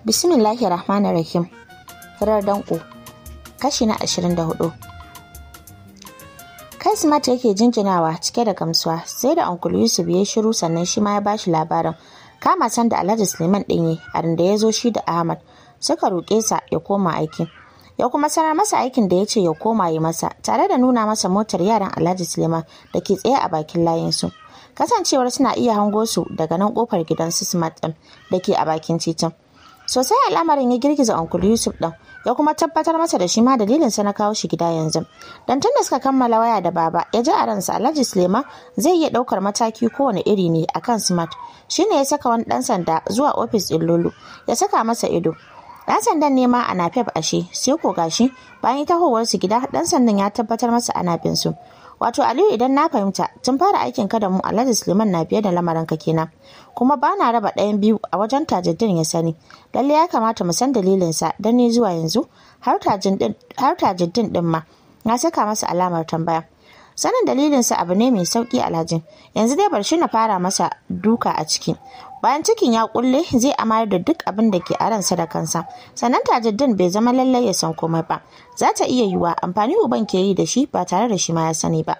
Bismillahi Rahmanir Rahim. Hirar danko. Kashi na 24. Kai Smart yake jinjinawa cike da gamsuwa sai da Uncle Yusuf ya shiru sannan shi ma ya bashi labarin. Kama san da Alhaji Suleiman ɗin yi a da ya zo shi da Ahmad suka roƙe sa ya koma aiki Ya kuma sanar masa aikin da ya ce ya koma yi masa tare da nuna masa motar yaran Alhaji Suleiman da ke tsaye a bakin layinsu. Kasancewar suna iya hango su daga nan kofar gidan su Smart ɗin da ke a bakin titin. sosai al'amarin ya girgiza Onkulu yusuf ɗin ya kuma tabbatar masa da shi ma dalilin sa na kawo shi gida yanzu dan tun da suka kammala waya da baba ya ji a ransa alhaji suleiman zai iya ɗaukar mataki kowane iri ne akan smart ne ya saka wani ɗan sanda zuwa ofis ɗin lulu ya saka masa ido Ɗan sandan ne ma ana fef ashe sai ko gashi bayan su gida ɗan sandan ya tabbatar masa ana bin su wato aliyu idan na fahimta tun fara aikin ka da mu alhaji suleiman na biye da lamarin ka kenan kuma ba na raba ɗayan biyu a wajen Tajirdin ya sani lalle ya kamata mu san dalilinsa don ni zuwa yanzu har Tajirdin ɗin ma na saka masa alamar tambaya sanin dalilinsa abu ne mai sauƙi alhajin yanzu dai bar shi na fara masa duka a ciki bayan cikin ya kulle zai amar da duk abin da ke a ransa da kansa sannan tajaddin bai zama lallai ya san komai ba za ta iya yiwa amfani uban ke yi da shi ba tare da shi ma ya sani ba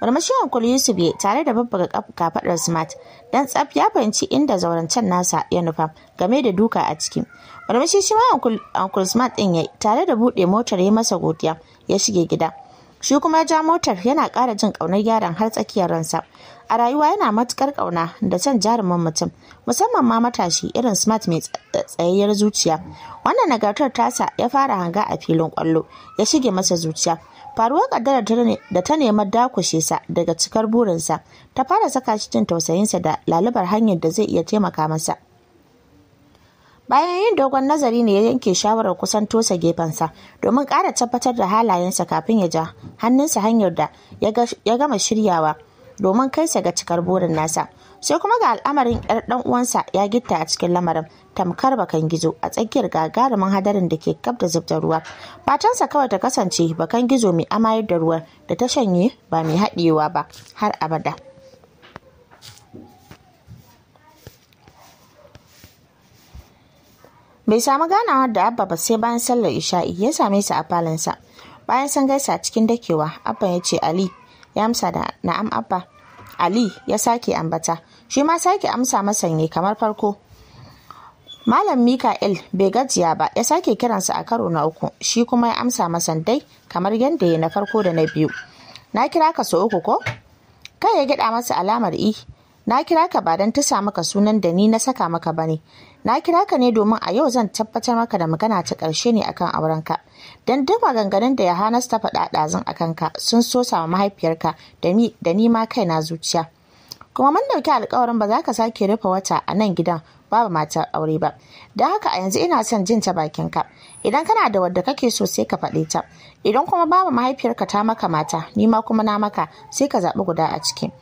Barmashi Uncle Yusuf ya tare da babbaga kafadar Smart dan tsaf ya fahimci inda zaurancen nasa ya nufa game da duka a ciki. Barmashi shi ma Uncle Smart din ya tare da buɗe motar ya masa godiya ya shige gida. shi kuma ja motar yana ƙara jin ƙaunar yaron har tsakiyar ransa a rayuwa yana matukar ƙauna da son jarumin mutum musamman ma matashi irin smart mai tsayayyar zuciya wannan nagartar tasa ya fara hanga a filin ƙwallo, ya shige masa zuciya faruwar kaddara da ta nema dakushe sa daga cikar burinsa ta fara saka shi jin tausayinsa da lalubar hanyar da zai iya taimaka masa bayan yin dogon nazari ne ya yanke shawarar kusan tosa gefensa domin ƙara tabbatar da halayensa kafin ya ja hannunsa hanyar da ya gama shiryawa domin kaisa ga cikar burin nasa sai kuma ga al'amarin yar dan uwansa ya gitta a cikin lamarin tamkar bakan gizo a tsakiyar gagarumin hadarin da ke kaf da zubda ruwa fatansa kawai ta kasance bakan gizo mai amayar da ruwa da ta shanye ba mai haɗewa ba har abada bai samu ganawa da abba ba sai bayan sallar isha'i ya same su a falansa bayan san gaisa cikin dakewa abba ya ce ali ya amsa da na'am abba ali ya sake ambata shi ma sake amsa masa ne kamar farko Malam Mika'il bai gajiya ba ya sake kiransa a karo na uku shi kuma ya amsa masa dai kamar yadda ya na farko da na biyu. Na kira ka so uku ko? Kai ya gida masa alamar i. Na kira ka ba don ta samu ka sunan da ni na saka maka bane. Na kira ka ne domin a yau zan tabbatar maka da magana ta ƙarshe ne akan aurenka. Dan duk maganganun da Yohanas ta faɗa ɗazun akan ka sun so sama mahaifiyarka da ni ma na zuciya. Kuma mun ɗauki alkawarin ba za ka sake rufe wata a nan gidan babu matar aure ba. don haka a yanzu ina son jin ta bakin ka. Idan kana da wadda kake so sai ka faɗe ta. Idan kuma babu mahaifiyarka ta maka mata, ni ma kuma na maka sai ka zaɓi guda a ciki.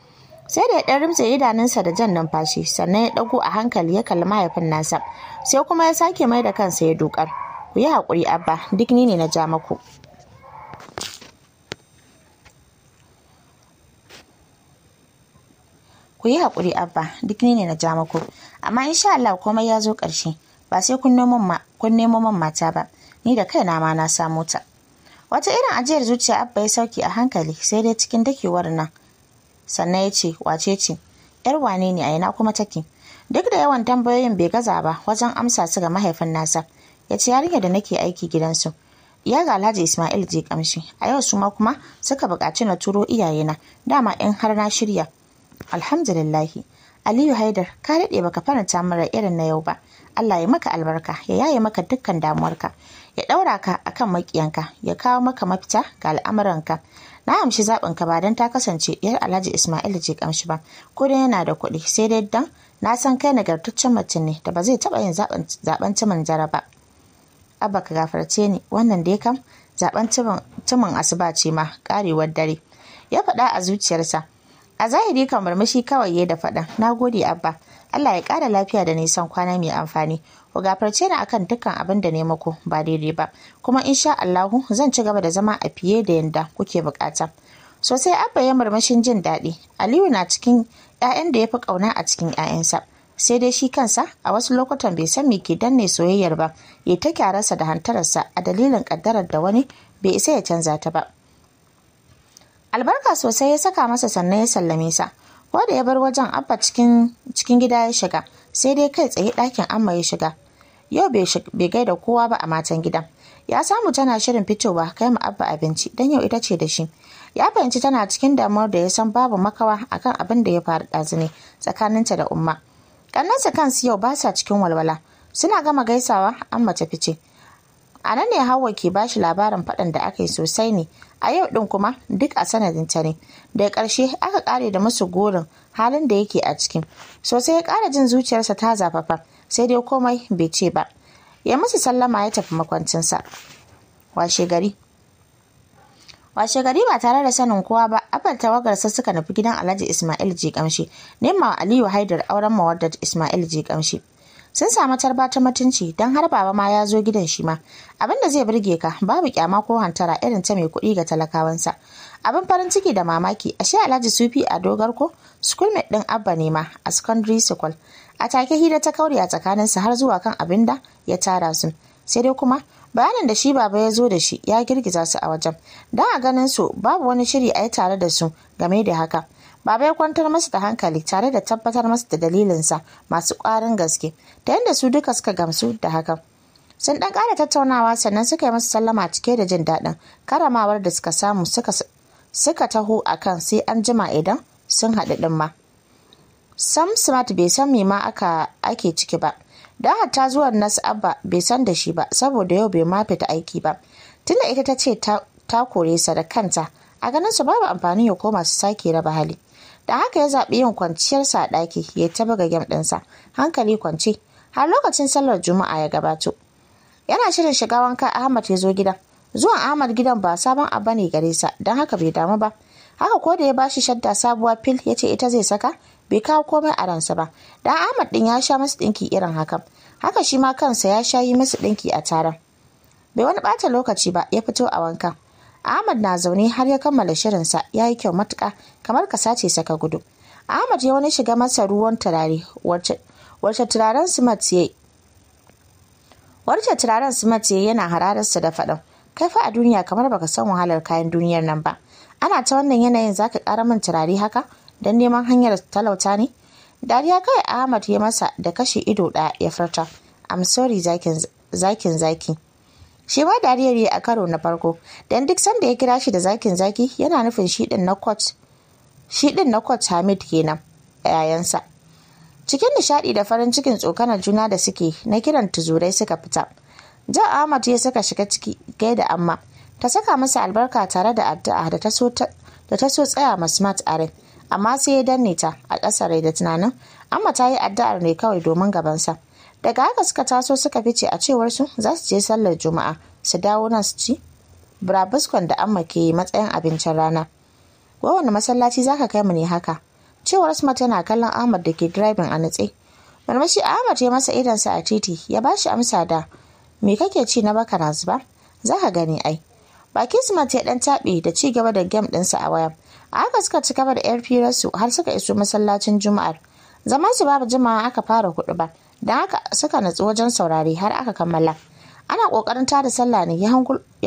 sai da ya ɗan rimtse idanunsa da jan numfashi sannan ya ɗago a hankali ya kalli mahaifin nasa sai kuma ya sake mai da kansa ya dukar ku yi haƙuri abba duk ni ne na ja maku ku yi haƙuri abba duk ni ne na ja maku amma insha Allah komai ya zo ƙarshe ba sai kun nemo man mata ba ni da kaina ma na samu ta wata irin ajiyar zuciya abba ya sauki a hankali sai dai cikin dakewar nan sannan ya ce wace ce yar wane ne a ina kuma take duk da yawan tambayoyin bai gaza ba wajen amsa su ga mahaifin nasa ya ce yarinya da nake aiki gidansu ya ga alhaji ismail je kamshi a yau su ma kuma suka buƙaci na turo iyayena dama in har na shirya alhamdulillahi aliyu haidar ka daɗe baka faranta mara irin na yau ba allah ya maka albarka ya yaye maka dukkan damuwarka ya ɗaura ka akan maƙiyanka ya kawo maka mafita ga al'amuranka na amshi zaɓin ka ba don ta kasance yar alhaji ismail ce kamshi ba ko dai yana da kuɗi sai dai dan na san kai nagartaccen mutum ne da ba zai taɓa yin zaɓen cimin jara ba abba ka gafarce ni wannan dai kam zaɓen cimin asuba ce ma karewar dare ya faɗa a zuciyarsa a zahiri kamar murmushi kawai ya da faɗa na gode abba Allah ya ƙara lafiya da nisan kwana mai amfani ku gafarce ni akan dukkan abin da ne ba daidai ba kuma insha Allahu zan ci gaba da zama a fiye da yanda kuke bukata sosai abba ya murmushin jin daɗi Aliyu na cikin 'ya'yan da ya fi ƙauna a cikin 'ya'yansa, sai dai shi kansa a wasu lokutan bai san me ke danne soyayyar ba ya ta kyararsa da hantararsa a dalilin ƙaddarar da wani bai isa ya canza ta ba albarka sosai ya saka masa sannan ya sallame sa ko da ya bar wajen abba cikin gida ya shiga sai dai kai tsaye ɗakin amma ya shiga yau bai gaida kowa ba a matan gida. ya samu tana shirin fitowa kai mu abba abinci don yau ita ce da shi ya fahimci tana cikin damuwar da ya san babu makawa akan abin da ya faru ɗazune tsakaninta da umma ƙannansa kansu yau ba sa cikin walwala suna gama gaisawa amma ta fice a nan ne hawa ke bashi labarin faɗan da aka yi sosai ne a yau ɗin kuma duk a sanadin ta ne daga ƙarshe aka ƙare da musu gorin halin da yake a cikin sosai ya ƙara jin zuciyarsa ta zafafa sai dai komai bai ce ba ya musu sallama ya tafi makwancinsa washe gari washe gari ba tare da sanin kowa ba abal tawagarsa suka nufi gidan alhaji ismail ji kamshi nema aliyu haidar auren mawaddar ismail ji kamshi sun samu tarbata mutunci don har baba ma ya zo gidan shi ma abin da zai burge ka babu kyama ko hantara irin ta mai kuɗi ga talakawansa abin farin ciki da mamaki ashe alhaji sufi a dogarko mate din abba ne ma a secondary school a take hira ta kauri a tsakanin tsakaninsa har zuwa kan abin da ya tara su sai dai kuma bayanin da shi baba ya zo da shi ya girgiza su a wajen don a ganin su babu wani shiri a yi tare da su game da haka Baba ya kwantar masa da hankali tare da tabbatar masa da dalilinsa masu ƙwarin gaske ta yadda su duka suka gamsu da hakan. Sun ɗan ƙara tattaunawa sannan suka yi masa sallama cike da jin daɗin karamawar da suka samu suka taho a kan sai an jima idan sun haɗu ɗin ma. Sam Smart bai san me ma ake ciki ba. Don hatta zuwan nasu abba bai san da shi ba saboda yau bai ma fita aiki ba. Tunda ita ta ce ta kore sa da kanta a ganin su babu amfani ya koma su sake raba hali. da haka ya zaɓi yin kwanciyarsa a ɗaki ya taɓa ga gem ɗinsa hankali kwance har lokacin sallar juma'a ya gabato yana shirin shiga wanka ahmad ya zo gidan zuwan ahmad gidan ba sabon abu ne gare sa don haka bai damu ba haka ko da ya bashi shadda sabuwa fil ya ce ita zai saka bai kawo komai a ransa ba dan ahmad ɗin ya sha masu ɗinki irin haka haka shi ma kansa ya sha yi masu ɗinki a taron bai wani ɓata lokaci ba ya fito a wanka Ahmad na zaune har ya kammala shirinsa ya yi kyau matuka kamar ka sace saka gudu. Ahmad ya wani shiga masa ruwan turare wacce turaren Smart ya Wacce turaren Smart ya yana hararsa da faɗin. Kai fa a duniya kamar baka san wahalar kayan duniyar nan ba. Ana ta wannan yanayin za ka ƙara min turare haka don neman hanyar talauta ne? Dariya kai Ahmad ya masa da kashe ido ɗaya ya furta. I'm sorry zakin zaki. shi ma dariyar yi a karo na farko don duk sanda ya kira shi da zakin zaki yana nufin shiɗin na kot na hamid kenan yayansa cikin nishaɗi da farin cikin tsokanar juna da suke na kiran tuzurai suka fita jan ahmad ya saka shiga ciki gai da amma ta saka masa albarka tare da addu'a da ta so tsaya ma smart aren amma sai ya danne ta a ƙasa rai da tunanin amma ta yi addu'ar ne kawai domin gabansa daga haka suka taso suka fice a cewar su za su je sallar juma'a su dawo nan su ci burabuskon da amma ke matsayin abincin rana kowane masallaci za ka kai mu ne haka cewar suma yana kallon ahmad da ke driving a nutse marmashi ahmad ya masa sa a titi ya ba shi amsa da me kake ci na baka na zuba za ka gani ai bakin suma ya dan taɓi da ci gaba da gem sa a waya a haka suka ci gaba da yar firarsu har suka iso masallacin juma'ar zaman su babu jimawa aka fara kudu ba da haka suka natsu wajen saurare har aka kammala ana kokarin tada sallah ne ya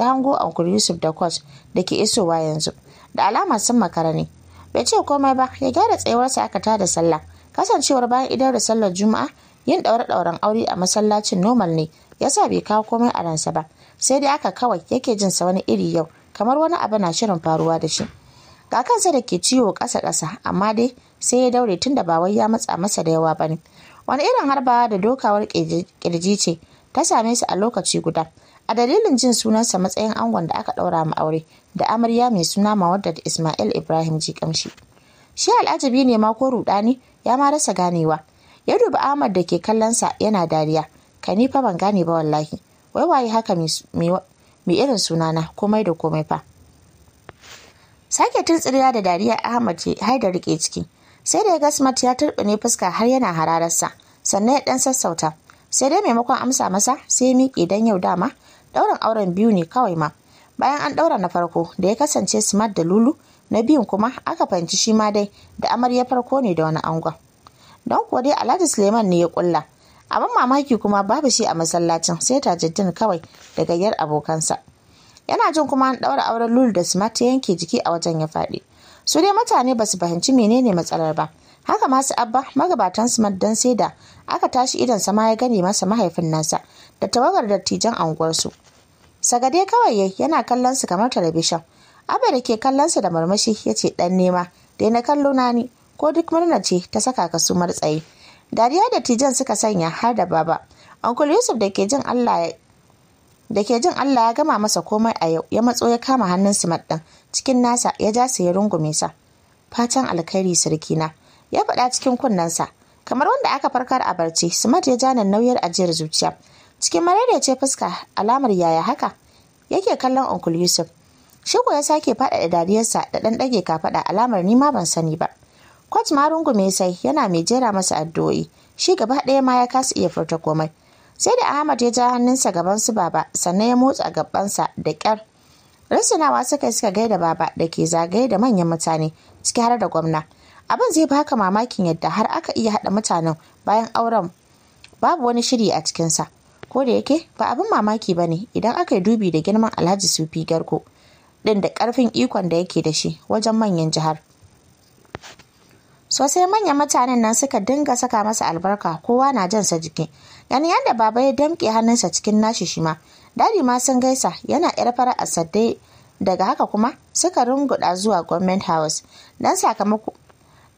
hango ankur yusuf da kwas da ke isowa yanzu da alama sun makara ne bai ce komai ba ya gyara tsayuwarsa aka tada sallah kasancewar bayan idan da sallar juma'a yin ɗaure-ɗauren aure a masallacin normal ne yasa bai kawo komai a ransa ba sai dai aka kawai yake jin sa wani iri yau kamar wani abu na shirin faruwa da shi ga kansa da ke ciwo ƙasa ƙasa amma dai sai ya daure tunda ba wai ya matsa masa da yawa bane wani irin harba da dokawar kirji ce ta same su a lokaci guda a dalilin jin sunansa matsayin angon da aka ɗaura ma aure da amarya mai suna mawadda da ismail ibrahim ji kamshi shi al'ajabi ne ma ko rudani ya ma rasa ganewa ya dubi ahmad da ke kallonsa yana dariya ka ni fa ban gane ba wallahi wai waye haka mai irin sunana komai da komai fa sake tuntsiriya da dariya ahmad ce haidar rike ciki sai da ya ga smart ya turbine fuska har yana harararsa sannan ya dan sassauta sai dai maimakon amsa masa sai ya miƙe dan yau dama ɗaurin auren biyu ne kawai ma bayan an ɗaura na farko da ya kasance smart da lulu na biyun kuma aka fahimci shi ma dai da amarya farko ne da wani angon don kuwa dai alhaji suleiman ne ya kulla abin mamaki kuma babu shi a masallacin sai ta tajaddin kawai da gayyar abokansa yana jin kuma an ɗaura auren lulu da smart ya yanke jiki a wajen ya faɗi su dai mutane ba su fahimci menene matsalar ba haka ma su abba magabatan su maddan sai da aka tashi idan sama ya gane masa mahaifin nasa da tawagar dattijan anguwarsu sagade kawai yayi yana kallon su kamar talabishin abba da ke kallon su da murmushi ya ce dan nema dai na kallo na ni ko duk murna ce ta saka ka su tsaye dariya da tijan suka sanya har da baba Uncle Yusuf da ke jin Allah da ke jin Allah ya gama masa komai a yau ya matso ya kama hannun Smart ɗin cikin nasa ya ja sa ya rungume sa fatan alkhairi sirkina ya faɗa cikin kunnensa kamar wanda aka farkar a barci Smart ya ja nan nauyar ajiyar zuciya cikin ce fuska alamar yaya haka yake kallon Uncle Yusuf Shigo ya sake faɗaɗa dariyarsa da ɗan ɗage kafaɗa alamar nima ban sani ba. Kwat ma rungume sai yana mai jera masa addu'o'i shi gaba ɗaya ma ya kasa iya furta komai. sai da ahmad ya ja hannunsa gaban su baba sannan ya motsa gabansa da ƙyar risinawa suka suka gaida baba da ke zagaye da manyan mutane ciki har da gwamna abin zai baka mamakin yadda har aka iya haɗa mutanen bayan auren babu wani shiri a cikinsa ko da yake ba abin mamaki ba ne idan aka yi dubi da girman alhaji sufi garko ɗin da ƙarfin ikon da yake da shi wajen manyan jihar sosai manyan mutanen nan suka dinga saka masa albarka kowa na jansa jiki yana yadda baba ya damƙe hannunsa cikin nashi shi ma dadi ma sun gaisa yana yar fara a sadde daga haka kuma suka runguda zuwa government house dan sakamako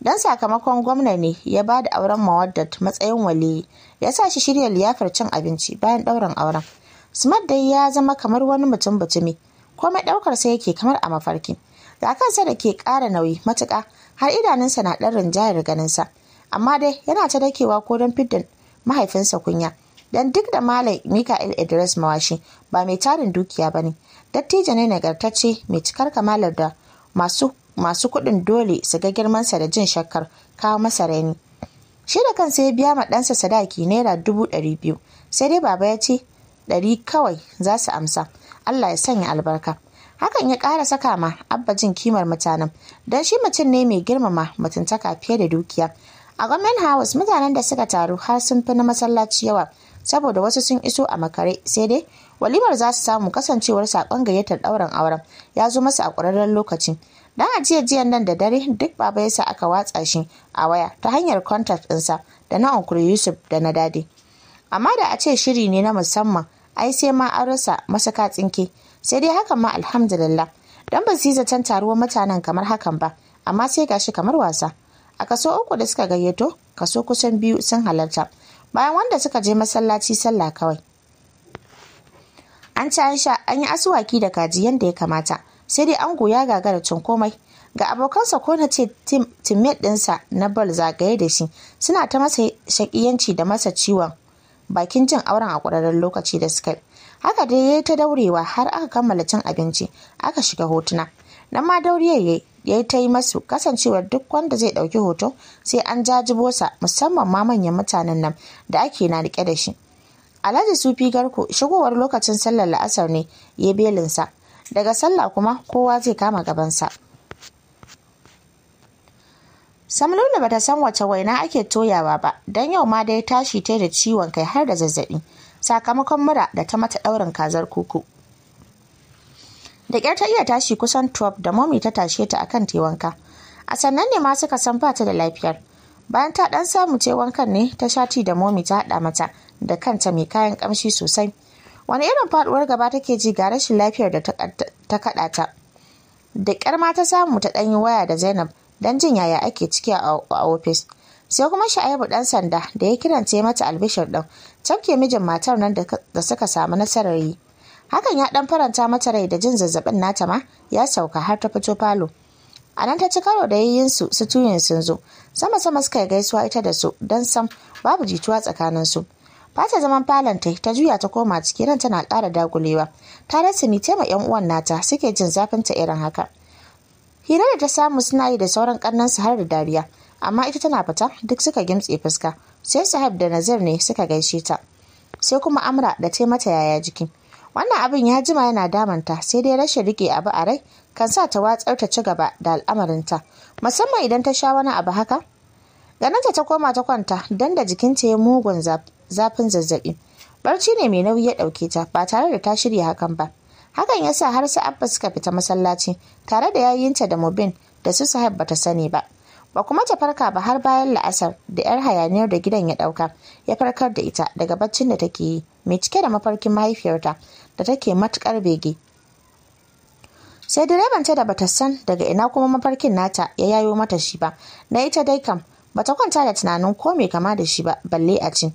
dan sakamakon gwamna ne ya ba da auren mawaddat matsayin waliyi ya sa shi shirya liyafar cin abinci bayan ɗaurin auren smart dai ya zama kamar wani mutum bitumi komai ɗaukar sa yake kamar a mafarki da kansa da ke ƙara nauyi matuƙa har idanunsa na ɗan rinjayar ganinsa amma dai yana ta dakewa ko don fidda mahaifinsa kunya dan duk da malam Mika'il Idris Mawashi ba mai tarin dukiya ba ne dattijo ne nagartacce mai cikar kamalar da masu masu kuɗin dole su ga girmansa da jin shakkar kawo masa raini shi da kansa ya biya ma ɗansa sadaki naira dubu ɗari biyu sai dai baba ya ce ɗari kawai za su amsa allah ya sanya albarka hakan ya ƙara saka ma abba jin kimar mutanen don shi mutum ne mai girmama mutuntaka fiye da dukiya a gwamnan house mutanen da suka taru har sun fi na masallaci yawa saboda wasu sun iso a makare sai dai walimar za su samu kasancewar sakon gayyatar ɗaurin auren ya zo masa a ƙwararren lokaci dan ajiyar jiyan nan da dare duk baba yasa aka watsa shi a waya ta hanyar contact ɗinsa da na onkuru yusuf da na dade amma da a ce shiri ne na musamman ai sai ma an rasa masaka tsinke sai dai hakan ma alhamdulillah don ba su yi zaton taruwar mutanen kamar hakan ba amma sai gashi kamar wasa a kaso uku da suka gayyato kaso kusan biyu sun halarta bayan wanda suka je masallaci sallah kawai an ci an sha an yi asuwaki da kaji yadda ya kamata sai dai ango ya gagara cin komai ga abokansa ko na ce timet ɗinsa na bal zagaye da shi suna ta masa shakiyanci da masa ciwon bakin jin auren a ƙwararren lokaci da suka haka dai ya yi ta daurewa har aka kammala cin abinci aka shiga hotuna nan ma dauriyar yayi ya yi ta yi masu kasancewar duk wanda zai ɗauki hoto sai an jajibo sa musamman ma manyan mutanen nan da ake na riƙe da shi alhaji sufi garko shigowar lokacin sallar la'asar ne ya belinsa daga sallah kuma kowa zai kama gabansa samlola bata san wace waina ake toyawa ba don yau ma dai tashi ta da ciwon kai har da zazzabi sakamakon mura da ta mata ɗaurin kazar kuku da ƙyar ta iya tashi kusan 12 da momi ta tashe ta akan wanka. a sannan ne ma suka san bata da lafiyar bayan ta dan samu ce ne ta shati da momi ta haɗa mata da kanta mai kayan kamshi sosai wani irin faduwar gaba take ji ga rashin lafiyar da ta kaɗa ta da ƙyar ma ta samu ta ɗan waya da zainab dan jin yaya ake ciki a ofis sai kuma sha'ibu ɗan sanda da ya kiranta mata albishir ɗin ke mijin matar nan da suka samu nasarar yi hakan ya dan faranta mata rai da jin zazzabin nata ma ya sauka har ta fito falo a nan ta ci karo da yayyinsu su tuyin sun zo sama sama suka yi gaisuwa ita da su dan sam babu jituwa tsakanin su fata zaman falon ta ta juya ta koma ciki ran tana ƙara dagulewa ta rasa ni tema yan uwan nata suke jin zafin ta irin haka hira da ta samu suna yi da sauran su har da dariya amma ita tana fita duk suka gimtse fuska sai sahab da nazir ne suka gaishe ta sai kuma amra da ta mata yaya jiki wannan abin ya jima yana damanta sai dai rashin rike abu a rai kan sa ta watsar ta ci gaba da al'amarinta musamman idan ta sha wani abu haka ganinta ta koma ta kwanta don da jikinta ya mugun zafin zazzabi barci ne mai nauyi ya ɗauke ta ba tare da ta shirya hakan ba hakan ya sa har su abba suka fita masallaci tare da yayinta da mubin da su sahib bata sani ba ba kuma ta farka ba har bayan la'asar da yar hayaniyar da gidan ya ɗauka ya farkar da ita daga baccin da take yi mai cike da mafarkin mahaifiyarta da take matukar bege sai direban ta da bata san daga ina kuma mafarkin nata ya yayo mata shi ba na ita dai kam bata kwanta da tunanin ko mai kama da shi ba balle a ci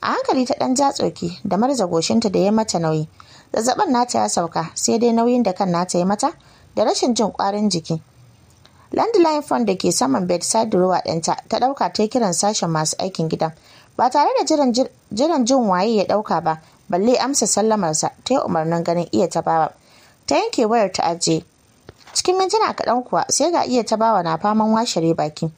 a hankali ta dan ja tsoki da marza goshinta da ya mata nauyi zazzaɓin nata ya sauka sai dai nauyin da kan nata ya mata da rashin jin kwarin jiki landline phone da ke saman bedside drawer ɗinta ta ɗauka ta kiran sashen masu aikin gida ba tare da jiran jin waye ya ɗauka ba balle amsa sallamarsa ta yi umarnin ganin iya ta bawa ta yanke wayar ta aje cikin mintuna kaɗan kuwa sai ga iya ta bawa na faman washere baki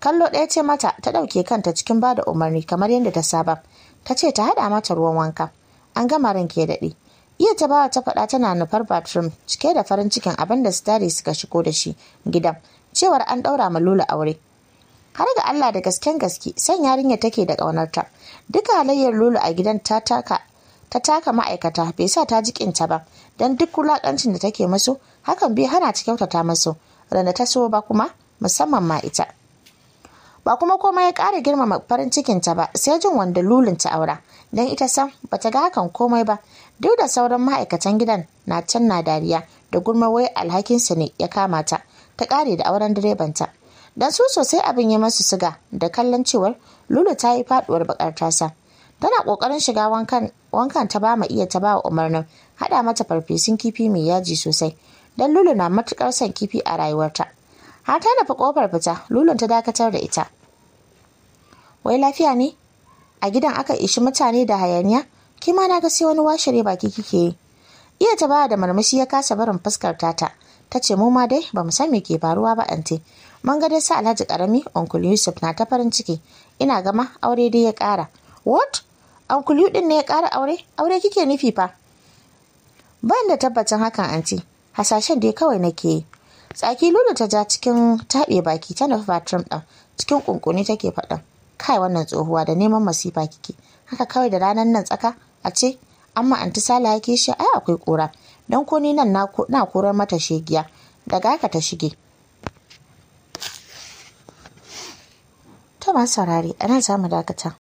kallo ɗaya ce mata ta ɗauke kanta cikin bada umarni kamar yadda ta saba ta ce ta haɗa mata ruwan wanka an gama ran ke daɗe iya ta bawa ta faɗa tana nufar bathroom cike da farin cikin abin da sitari suka shigo da shi gidan cewar an ɗaura ma lula aure har ga Allah da gasken gaske san yarinya take da ƙaunarta duka halayyar lulu a gidan ta taka ta taka ma'aikata bai sa ta jikinta ba don duk wulaƙancin da take musu hakan bai hana ta kyautata masu, randa ta so ba kuma musamman ma ita ba kuma komai ya ƙara girmama farin cikinta ba sai jin wanda lulun ta aura don ita san ba ta ga hakan komai ba duk da sauran ma'aikatan gidan na can na dariya da gurma wai alhakinsa ne ya kama ta ta ƙare da auren direbanta don su sosai abin ya masu siga da kallon cewar lulu ta yi faɗuwar bakar tasa tana ƙoƙarin shiga wankan wankan ta ba ma iya ta ba wa umarnin haɗa mata farfesun kifi mai yaji sosai don lulu na matukar son kifi a rayuwarta har ta nufi kofar fita lulun ta dakatar da ita wai lafiya ne a gidan aka ishi mutane da hayaniya kima na ga sai wani washere baki kike yi iya ta ba da marmashi ya kasa barin fuskar tata ta ce mu ma dai ba mu san me ke faruwa ba ante mun ga dai sa Alhaji Karami Uncle Yusuf na ta farin ciki ina gama aure dai ya kara. what uncle yu din ne ya kara aure aure kike nufi fa ban da tabbacin hakan anti hasashen dai kawai nake yi tsaki lulu ta ja cikin taɓe baki ta nufi trump ɗin cikin ƙunƙuni take faɗin kai wannan tsohuwa da neman masifa kike haka kawai da ranar nan tsaka a ce amma anti sala yake shi ai akwai ƙura don ko ni nan na korar mata shegiya daga haka ta shige ta ba saurari a nan za dakata